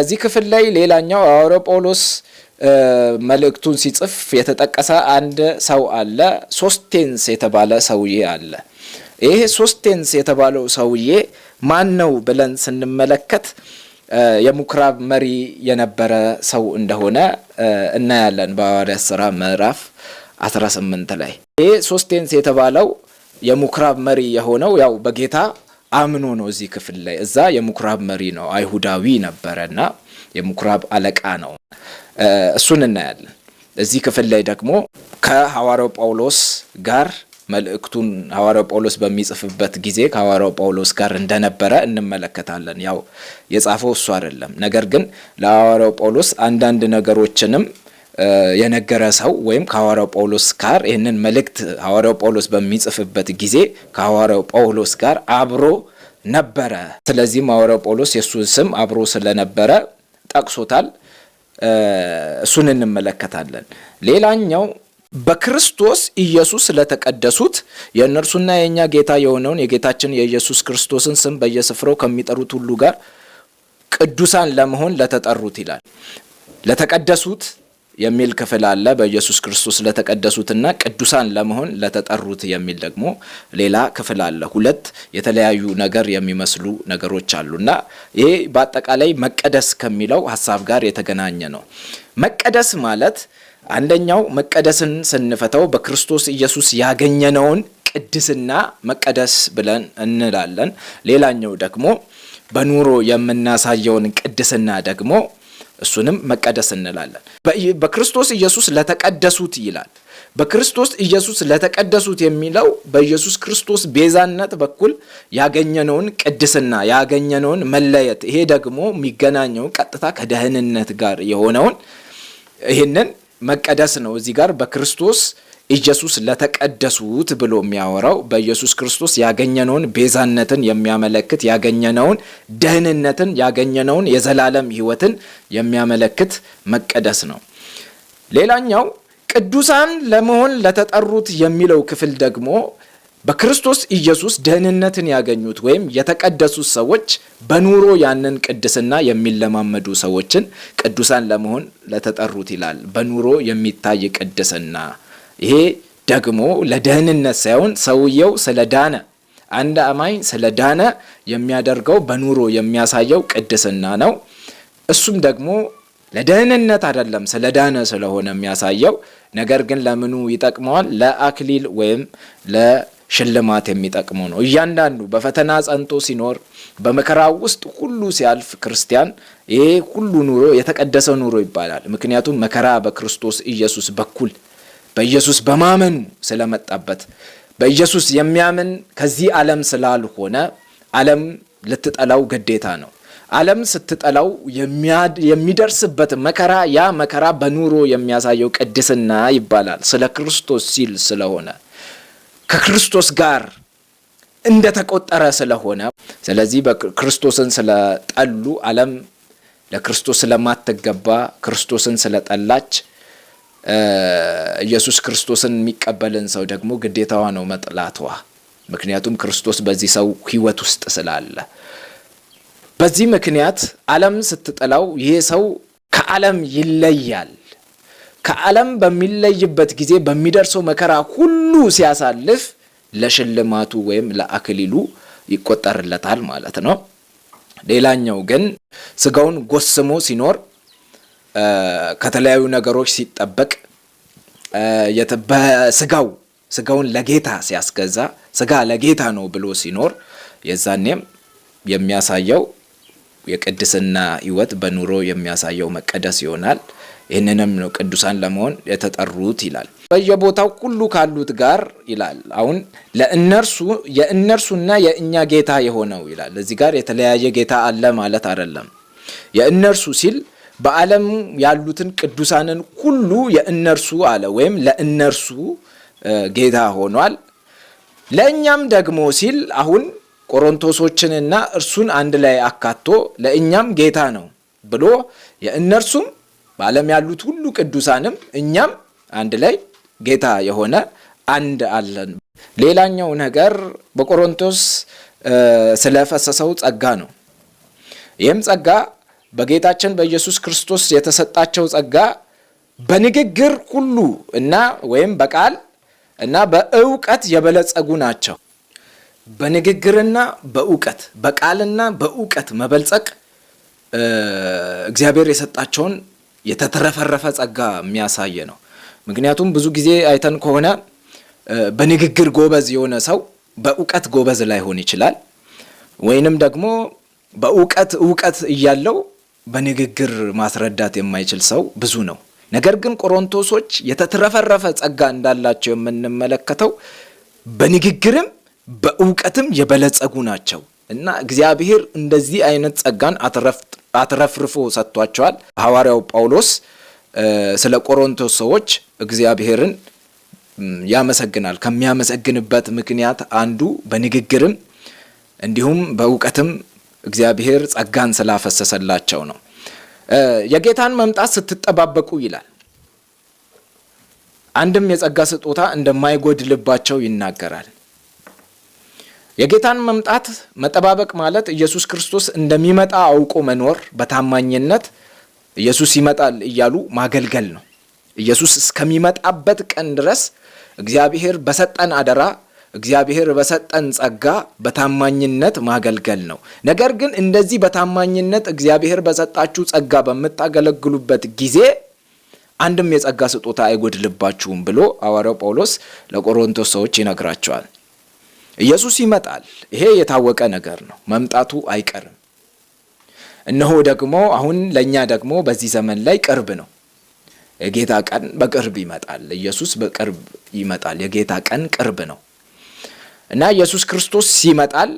እዚህ ክፍል ላይ ሌላኛው አውሮጳውሎስ መልእክቱን ሲጽፍ የተጠቀሰ አንድ ሰው አለ። ሶስቴንስ የተባለ ሰውዬ አለ። ይሄ ሶስቴንስ የተባለው ሰውዬ ማን ነው ብለን ስንመለከት የምኩራብ መሪ የነበረ ሰው እንደሆነ እናያለን በሐዋርያት ሥራ ምዕራፍ 18 ላይ ይሄ ሶስቴንስ የተባለው የምኩራብ መሪ የሆነው ያው በጌታ አምኖ ነው እዚህ ክፍል ላይ እዛ የምኩራብ መሪ ነው አይሁዳዊ ነበረና የምኩራብ አለቃ ነው። እሱን እናያለን። እዚህ ክፍል ላይ ደግሞ ከሐዋርያው ጳውሎስ ጋር መልእክቱን ሐዋርያው ጳውሎስ በሚጽፍበት ጊዜ ከሐዋርያው ጳውሎስ ጋር እንደነበረ እንመለከታለን። ያው የጻፈው እሱ አይደለም፣ ነገር ግን ለሐዋርያው ጳውሎስ አንዳንድ ነገሮችንም የነገረ ሰው ወይም ከሐዋርያው ጳውሎስ ጋር ይህንን መልእክት ሐዋርያው ጳውሎስ በሚጽፍበት ጊዜ ከሐዋርያው ጳውሎስ ጋር አብሮ ነበረ። ስለዚህም ሐዋርያው ጳውሎስ የእሱን ስም አብሮ ስለነበረ ጠቅሶታል። እሱን እንመለከታለን። ሌላኛው በክርስቶስ ኢየሱስ ስለተቀደሱት የእነርሱና የእኛ ጌታ የሆነውን የጌታችን የኢየሱስ ክርስቶስን ስም በየስፍራው ከሚጠሩት ሁሉ ጋር ቅዱሳን ለመሆን ለተጠሩት ይላል። ለተቀደሱት የሚል ክፍል አለ። በኢየሱስ ክርስቶስ ለተቀደሱትና ቅዱሳን ለመሆን ለተጠሩት የሚል ደግሞ ሌላ ክፍል አለ። ሁለት የተለያዩ ነገር የሚመስሉ ነገሮች አሉ እና ይሄ በአጠቃላይ መቀደስ ከሚለው ሀሳብ ጋር የተገናኘ ነው። መቀደስ ማለት አንደኛው መቀደስን ስንፈተው በክርስቶስ ኢየሱስ ያገኘነውን ቅድስና መቀደስ ብለን እንላለን። ሌላኛው ደግሞ በኑሮ የምናሳየውን ቅድስና ደግሞ እሱንም መቀደስ እንላለን። በክርስቶስ ኢየሱስ ለተቀደሱት ይላል። በክርስቶስ ኢየሱስ ለተቀደሱት የሚለው በኢየሱስ ክርስቶስ ቤዛነት በኩል ያገኘነውን ቅድስና ያገኘነውን መለየት፣ ይሄ ደግሞ የሚገናኘው ቀጥታ ከደህንነት ጋር የሆነውን ይህንን መቀደስ ነው። እዚህ ጋር በክርስቶስ ኢየሱስ ለተቀደሱት ብሎ የሚያወራው በኢየሱስ ክርስቶስ ያገኘነውን ቤዛነትን የሚያመለክት ያገኘነውን ደህንነትን ያገኘነውን የዘላለም ሕይወትን የሚያመለክት መቀደስ ነው። ሌላኛው ቅዱሳን ለመሆን ለተጠሩት የሚለው ክፍል ደግሞ በክርስቶስ ኢየሱስ ደህንነትን ያገኙት ወይም የተቀደሱት ሰዎች በኑሮ ያንን ቅድስና የሚለማመዱ ሰዎችን ቅዱሳን ለመሆን ለተጠሩት ይላል። በኑሮ የሚታይ ቅድስና ይሄ ደግሞ ለደህንነት ሳይሆን ሰውየው ስለዳነ አንድ አማኝ ስለዳነ የሚያደርገው በኑሮ የሚያሳየው ቅድስና ነው። እሱም ደግሞ ለደህንነት አይደለም ስለዳነ ስለሆነ የሚያሳየው ነገር ግን ለምኑ ይጠቅመዋል? ለአክሊል ወይም ለሽልማት የሚጠቅመው ነው። እያንዳንዱ በፈተና ጸንቶ ሲኖር በመከራ ውስጥ ሁሉ ሲያልፍ ክርስቲያን ይሄ ሁሉ ኑሮ የተቀደሰ ኑሮ ይባላል። ምክንያቱም መከራ በክርስቶስ ኢየሱስ በኩል በኢየሱስ በማመን ስለመጣበት በኢየሱስ የሚያምን ከዚህ ዓለም ስላልሆነ ዓለም ልትጠላው ግዴታ ነው። ዓለም ስትጠላው የሚደርስበት መከራ ያ መከራ በኑሮ የሚያሳየው ቅድስና ይባላል። ስለ ክርስቶስ ሲል ስለሆነ ከክርስቶስ ጋር እንደተቆጠረ ስለሆነ ስለዚህ ክርስቶስን ስለጠሉ ዓለም ለክርስቶስ ስለማትገባ ክርስቶስን ስለጠላች ኢየሱስ ክርስቶስን የሚቀበልን ሰው ደግሞ ግዴታዋ ነው መጥላቷ። ምክንያቱም ክርስቶስ በዚህ ሰው ህይወት ውስጥ ስላለ በዚህ ምክንያት ዓለም ስትጠላው ይሄ ሰው ከዓለም ይለያል። ከዓለም በሚለይበት ጊዜ በሚደርሰው መከራ ሁሉ ሲያሳልፍ ለሽልማቱ ወይም ለአክሊሉ ይቆጠርለታል ማለት ነው። ሌላኛው ግን ስጋውን ጎስሞ ሲኖር ከተለያዩ ነገሮች ሲጠበቅ በስጋው ስጋውን ለጌታ ሲያስገዛ ስጋ ለጌታ ነው ብሎ ሲኖር የዛኔም የሚያሳየው የቅድስና ህይወት በኑሮ የሚያሳየው መቀደስ ይሆናል። ይህንንም ነው ቅዱሳን ለመሆን የተጠሩት ይላል። በየቦታው ሁሉ ካሉት ጋር ይላል። አሁን ለእነርሱ የእነርሱና የእኛ ጌታ የሆነው ይላል። እዚህ ጋር የተለያየ ጌታ አለ ማለት አይደለም። የእነርሱ ሲል በዓለም ያሉትን ቅዱሳንን ሁሉ የእነርሱ አለ ወይም ለእነርሱ ጌታ ሆኗል። ለእኛም ደግሞ ሲል አሁን ቆሮንቶሶችንና እርሱን አንድ ላይ አካቶ ለእኛም ጌታ ነው ብሎ የእነርሱም በዓለም ያሉት ሁሉ ቅዱሳንም እኛም አንድ ላይ ጌታ የሆነ አንድ አለን። ሌላኛው ነገር በቆሮንቶስ ስለፈሰሰው ጸጋ ነው። ይህም ጸጋ በጌታችን በኢየሱስ ክርስቶስ የተሰጣቸው ጸጋ በንግግር ሁሉ እና ወይም በቃል እና በእውቀት የበለጸጉ ናቸው። በንግግርና በእውቀት በቃልና በእውቀት መበልጸቅ እግዚአብሔር የሰጣቸውን የተተረፈረፈ ጸጋ የሚያሳይ ነው። ምክንያቱም ብዙ ጊዜ አይተን ከሆነ በንግግር ጎበዝ የሆነ ሰው በእውቀት ጎበዝ ላይሆን ይችላል። ወይንም ደግሞ በእውቀት እውቀት እያለው በንግግር ማስረዳት የማይችል ሰው ብዙ ነው። ነገር ግን ቆሮንቶሶች የተትረፈረፈ ጸጋ እንዳላቸው የምንመለከተው በንግግርም በእውቀትም የበለጸጉ ናቸው እና እግዚአብሔር እንደዚህ አይነት ጸጋን አትረፍርፎ ሰጥቷቸዋል። ሐዋርያው ጳውሎስ ስለ ቆሮንቶስ ሰዎች እግዚአብሔርን ያመሰግናል። ከሚያመሰግንበት ምክንያት አንዱ በንግግርም እንዲሁም በእውቀትም እግዚአብሔር ጸጋን ስላፈሰሰላቸው ነው። የጌታን መምጣት ስትጠባበቁ ይላል አንድም የጸጋ ስጦታ እንደማይጎድልባቸው ይናገራል። የጌታን መምጣት መጠባበቅ ማለት ኢየሱስ ክርስቶስ እንደሚመጣ አውቆ መኖር፣ በታማኝነት ኢየሱስ ይመጣል እያሉ ማገልገል ነው። ኢየሱስ እስከሚመጣበት ቀን ድረስ እግዚአብሔር በሰጠን አደራ እግዚአብሔር በሰጠን ጸጋ በታማኝነት ማገልገል ነው። ነገር ግን እንደዚህ በታማኝነት እግዚአብሔር በሰጣችሁ ጸጋ በምታገለግሉበት ጊዜ አንድም የጸጋ ስጦታ አይጎድልባችሁም ብሎ ሐዋርያው ጳውሎስ ለቆሮንቶስ ሰዎች ይነግራቸዋል። ኢየሱስ ይመጣል። ይሄ የታወቀ ነገር ነው። መምጣቱ አይቀርም። እነሆ ደግሞ አሁን ለእኛ ደግሞ በዚህ ዘመን ላይ ቅርብ ነው። የጌታ ቀን በቅርብ ይመጣል። ኢየሱስ በቅርብ ይመጣል። የጌታ ቀን ቅርብ ነው። እና ኢየሱስ ክርስቶስ ይመጣል።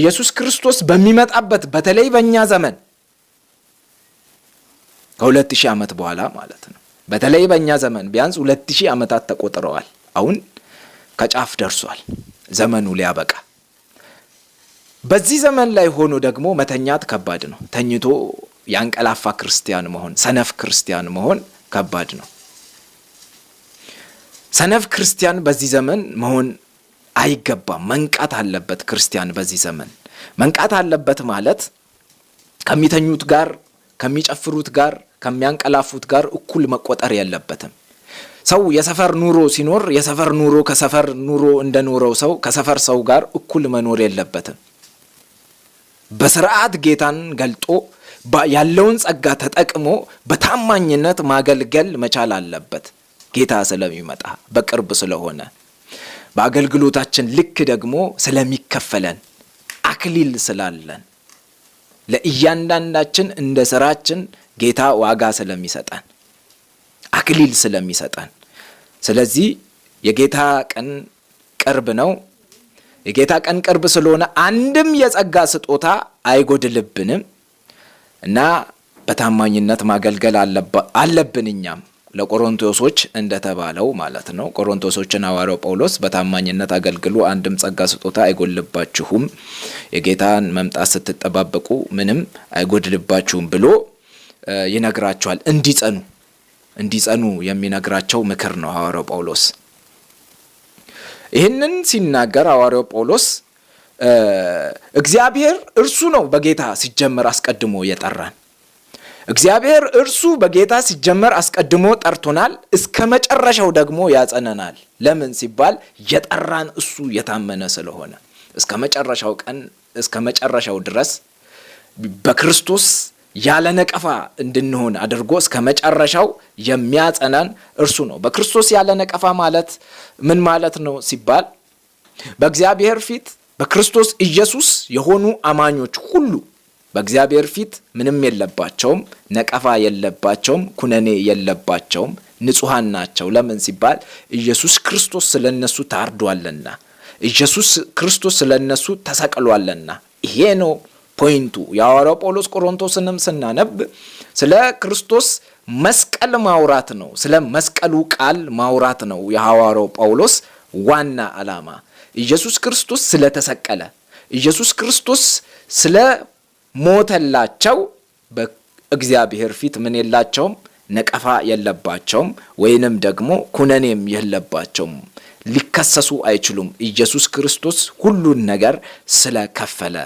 ኢየሱስ ክርስቶስ በሚመጣበት በተለይ በእኛ ዘመን ከሁለት ሺህ ዓመት በኋላ ማለት ነው። በተለይ በእኛ ዘመን ቢያንስ ሁለት ሺህ ዓመታት ተቆጥረዋል። አሁን ከጫፍ ደርሷል ዘመኑ ሊያበቃ። በዚህ ዘመን ላይ ሆኖ ደግሞ መተኛት ከባድ ነው። ተኝቶ ያንቀላፋ ክርስቲያን መሆን፣ ሰነፍ ክርስቲያን መሆን ከባድ ነው። ሰነፍ ክርስቲያን በዚህ ዘመን መሆን አይገባም። መንቃት አለበት ክርስቲያን በዚህ ዘመን መንቃት አለበት ማለት ከሚተኙት ጋር ከሚጨፍሩት ጋር ከሚያንቀላፉት ጋር እኩል መቆጠር የለበትም። ሰው የሰፈር ኑሮ ሲኖር የሰፈር ኑሮ ከሰፈር ኑሮ እንደኖረው ሰው ከሰፈር ሰው ጋር እኩል መኖር የለበትም። በስርዓት ጌታን ገልጦ ያለውን ጸጋ ተጠቅሞ በታማኝነት ማገልገል መቻል አለበት። ጌታ ስለሚመጣ በቅርብ ስለሆነ በአገልግሎታችን ልክ ደግሞ ስለሚከፈለን አክሊል ስላለን ለእያንዳንዳችን እንደ ስራችን ጌታ ዋጋ ስለሚሰጠን አክሊል ስለሚሰጠን፣ ስለዚህ የጌታ ቀን ቅርብ ነው። የጌታ ቀን ቅርብ ስለሆነ አንድም የጸጋ ስጦታ አይጎድልብንም እና በታማኝነት ማገልገል አለብን እኛም ለቆሮንቶሶች እንደተባለው ማለት ነው። ቆሮንቶሶችን ሐዋርያው ጳውሎስ በታማኝነት አገልግሉ፣ አንድም ጸጋ ስጦታ አይጎልባችሁም፣ የጌታን መምጣት ስትጠባበቁ ምንም አይጎድልባችሁም ብሎ ይነግራቸዋል። እንዲጸኑ እንዲጸኑ የሚነግራቸው ምክር ነው ሐዋርያው ጳውሎስ። ይህንን ሲናገር ሐዋርያው ጳውሎስ እግዚአብሔር እርሱ ነው በጌታ ሲጀመር አስቀድሞ የጠራን እግዚአብሔር እርሱ በጌታ ሲጀመር አስቀድሞ ጠርቶናል፣ እስከ መጨረሻው ደግሞ ያጸነናል። ለምን ሲባል የጠራን እሱ የታመነ ስለሆነ እስከ መጨረሻው ቀን እስከ መጨረሻው ድረስ በክርስቶስ ያለ ነቀፋ እንድንሆን አድርጎ እስከ መጨረሻው የሚያጸናን እርሱ ነው። በክርስቶስ ያለ ነቀፋ ማለት ምን ማለት ነው ሲባል በእግዚአብሔር ፊት በክርስቶስ ኢየሱስ የሆኑ አማኞች ሁሉ በእግዚአብሔር ፊት ምንም የለባቸውም፣ ነቀፋ የለባቸውም፣ ኩነኔ የለባቸውም፣ ንጹሐን ናቸው። ለምን ሲባል ኢየሱስ ክርስቶስ ስለ እነሱ ታርዷልና፣ ኢየሱስ ክርስቶስ ስለ እነሱ ተሰቅሏልና። ይሄ ነው ፖይንቱ። የሐዋርያው ጳውሎስ ቆሮንቶስንም ስናነብ ስለ ክርስቶስ መስቀል ማውራት ነው፣ ስለ መስቀሉ ቃል ማውራት ነው የሐዋርያው ጳውሎስ ዋና ዓላማ። ኢየሱስ ክርስቶስ ስለተሰቀለ ኢየሱስ ክርስቶስ ስለ ሞተላቸው። በእግዚአብሔር ፊት ምን የላቸውም ነቀፋ የለባቸውም፣ ወይንም ደግሞ ኩነኔም የለባቸውም። ሊከሰሱ አይችሉም። ኢየሱስ ክርስቶስ ሁሉን ነገር ስለከፈለ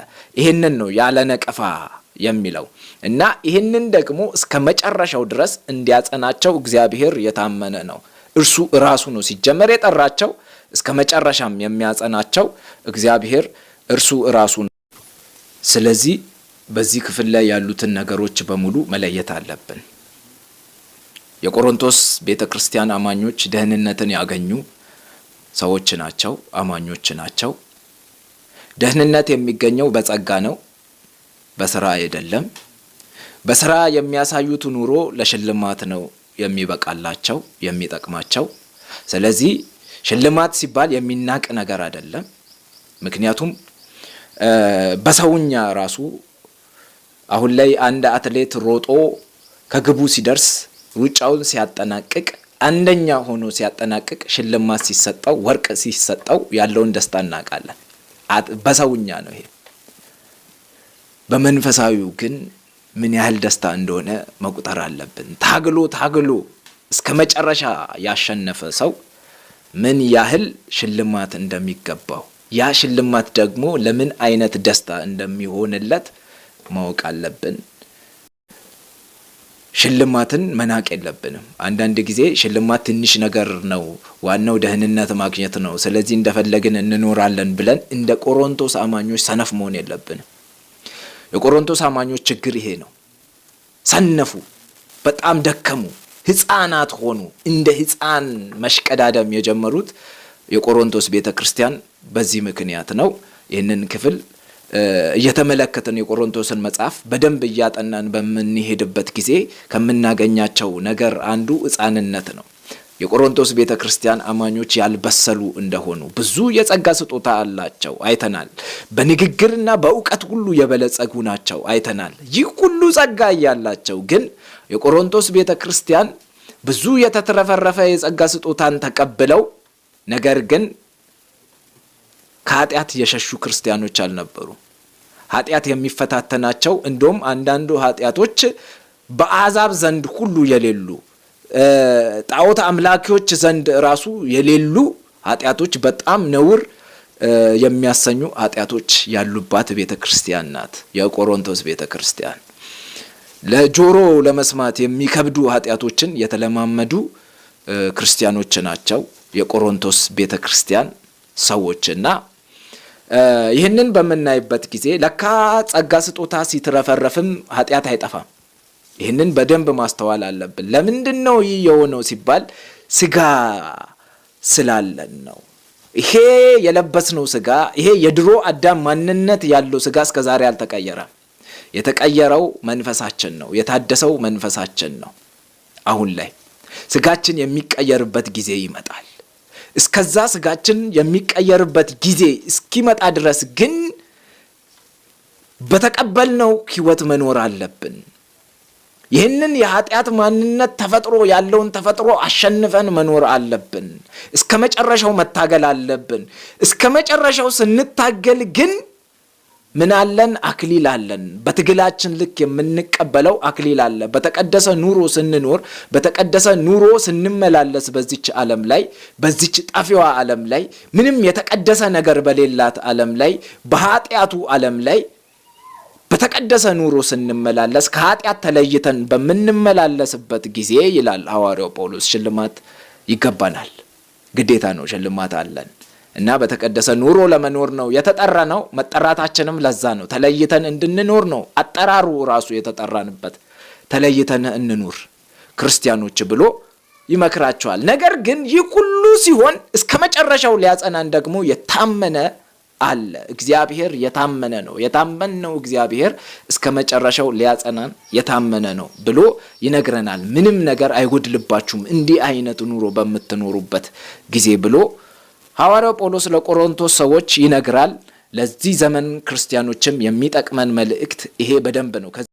ይህንን ነው ያለ ነቀፋ የሚለው እና ይህንን ደግሞ እስከ መጨረሻው ድረስ እንዲያጸናቸው እግዚአብሔር የታመነ ነው። እርሱ ራሱ ነው ሲጀመር የጠራቸው እስከ መጨረሻም የሚያጸናቸው እግዚአብሔር እርሱ ራሱ ነው። ስለዚህ በዚህ ክፍል ላይ ያሉትን ነገሮች በሙሉ መለየት አለብን። የቆሮንቶስ ቤተ ክርስቲያን አማኞች ደህንነትን ያገኙ ሰዎች ናቸው፣ አማኞች ናቸው። ደህንነት የሚገኘው በጸጋ ነው፣ በስራ አይደለም። በስራ የሚያሳዩት ኑሮ ለሽልማት ነው የሚበቃላቸው የሚጠቅማቸው። ስለዚህ ሽልማት ሲባል የሚናቅ ነገር አይደለም። ምክንያቱም በሰውኛ ራሱ አሁን ላይ አንድ አትሌት ሮጦ ከግቡ ሲደርስ ሩጫውን ሲያጠናቅቅ አንደኛ ሆኖ ሲያጠናቅቅ ሽልማት ሲሰጠው ወርቅ ሲሰጠው ያለውን ደስታ እናውቃለን። በሰውኛ ነው ይሄ። በመንፈሳዊው ግን ምን ያህል ደስታ እንደሆነ መቁጠር አለብን። ታግሎ ታግሎ እስከ መጨረሻ ያሸነፈ ሰው ምን ያህል ሽልማት እንደሚገባው ያ ሽልማት ደግሞ ለምን አይነት ደስታ እንደሚሆንለት ማወቅ አለብን። ሽልማትን መናቅ የለብንም። አንዳንድ ጊዜ ሽልማት ትንሽ ነገር ነው፣ ዋናው ደህንነት ማግኘት ነው፣ ስለዚህ እንደፈለግን እንኖራለን ብለን እንደ ቆሮንቶስ አማኞች ሰነፍ መሆን የለብንም። የቆሮንቶስ አማኞች ችግር ይሄ ነው። ሰነፉ፣ በጣም ደከሙ፣ ህፃናት ሆኑ። እንደ ህፃን መሽቀዳደም የጀመሩት የቆሮንቶስ ቤተ ክርስቲያን በዚህ ምክንያት ነው። ይህንን ክፍል እየተመለከትን የቆሮንቶስን መጽሐፍ በደንብ እያጠናን በምንሄድበት ጊዜ ከምናገኛቸው ነገር አንዱ ህፃንነት ነው። የቆሮንቶስ ቤተ ክርስቲያን አማኞች ያልበሰሉ እንደሆኑ ብዙ የጸጋ ስጦታ አላቸው አይተናል። በንግግርና በእውቀት ሁሉ የበለጸጉ ናቸው አይተናል። ይህ ሁሉ ጸጋ እያላቸው ግን የቆሮንቶስ ቤተ ክርስቲያን ብዙ የተትረፈረፈ የጸጋ ስጦታን ተቀብለው ነገር ግን ከኃጢአት የሸሹ ክርስቲያኖች አልነበሩ። ኃጢአት የሚፈታተናቸው እንዲሁም አንዳንዱ ኃጢአቶች በአሕዛብ ዘንድ ሁሉ የሌሉ ጣዖት አምላኪዎች ዘንድ ራሱ የሌሉ ኃጢአቶች በጣም ነውር የሚያሰኙ ኃጢአቶች ያሉባት ቤተ ክርስቲያን ናት የቆሮንቶስ ቤተ ክርስቲያን። ለጆሮ ለመስማት የሚከብዱ ኃጢአቶችን የተለማመዱ ክርስቲያኖች ናቸው የቆሮንቶስ ቤተ ክርስቲያን ሰዎች እና ይህንን በምናይበት ጊዜ ለካ ጸጋ ስጦታ ሲትረፈረፍም ኃጢአት አይጠፋም። ይህንን በደንብ ማስተዋል አለብን። ለምንድን ነው ይህ የሆነው ሲባል ስጋ ስላለን ነው። ይሄ የለበስነው ስጋ ይሄ የድሮ አዳም ማንነት ያለው ስጋ እስከ ዛሬ አልተቀየረም። የተቀየረው መንፈሳችን ነው፣ የታደሰው መንፈሳችን ነው። አሁን ላይ ስጋችን የሚቀየርበት ጊዜ ይመጣል። እስከዛ ስጋችን የሚቀየርበት ጊዜ እስኪመጣ ድረስ ግን በተቀበልነው ህይወት መኖር አለብን። ይህንን የኃጢአት ማንነት ተፈጥሮ ያለውን ተፈጥሮ አሸንፈን መኖር አለብን። እስከ መጨረሻው መታገል አለብን። እስከ መጨረሻው ስንታገል ግን ምን አለን? አክሊል አለን። በትግላችን ልክ የምንቀበለው አክሊል አለ። በተቀደሰ ኑሮ ስንኖር፣ በተቀደሰ ኑሮ ስንመላለስ፣ በዚች ዓለም ላይ በዚች ጠፊዋ ዓለም ላይ ምንም የተቀደሰ ነገር በሌላት ዓለም ላይ በኃጢአቱ ዓለም ላይ በተቀደሰ ኑሮ ስንመላለስ፣ ከኃጢአት ተለይተን በምንመላለስበት ጊዜ ይላል ሐዋርያው ጳውሎስ፣ ሽልማት ይገባናል። ግዴታ ነው። ሽልማት አለን። እና በተቀደሰ ኑሮ ለመኖር ነው የተጠራ ነው። መጠራታችንም ለዛ ነው፣ ተለይተን እንድንኖር ነው። አጠራሩ ራሱ የተጠራንበት ተለይተን እንኑር ክርስቲያኖች ብሎ ይመክራቸዋል። ነገር ግን ይህ ሁሉ ሲሆን እስከ መጨረሻው ሊያጸናን ደግሞ የታመነ አለ። እግዚአብሔር የታመነ ነው። የታመን ነው እግዚአብሔር እስከ መጨረሻው ሊያጸናን የታመነ ነው ብሎ ይነግረናል። ምንም ነገር አይጎድልባችሁም እንዲህ አይነት ኑሮ በምትኖሩበት ጊዜ ብሎ ሐዋርያው ጳውሎስ ለቆሮንቶስ ሰዎች ይነግራል። ለዚህ ዘመን ክርስቲያኖችም የሚጠቅመን መልእክት ይሄ በደንብ ነው።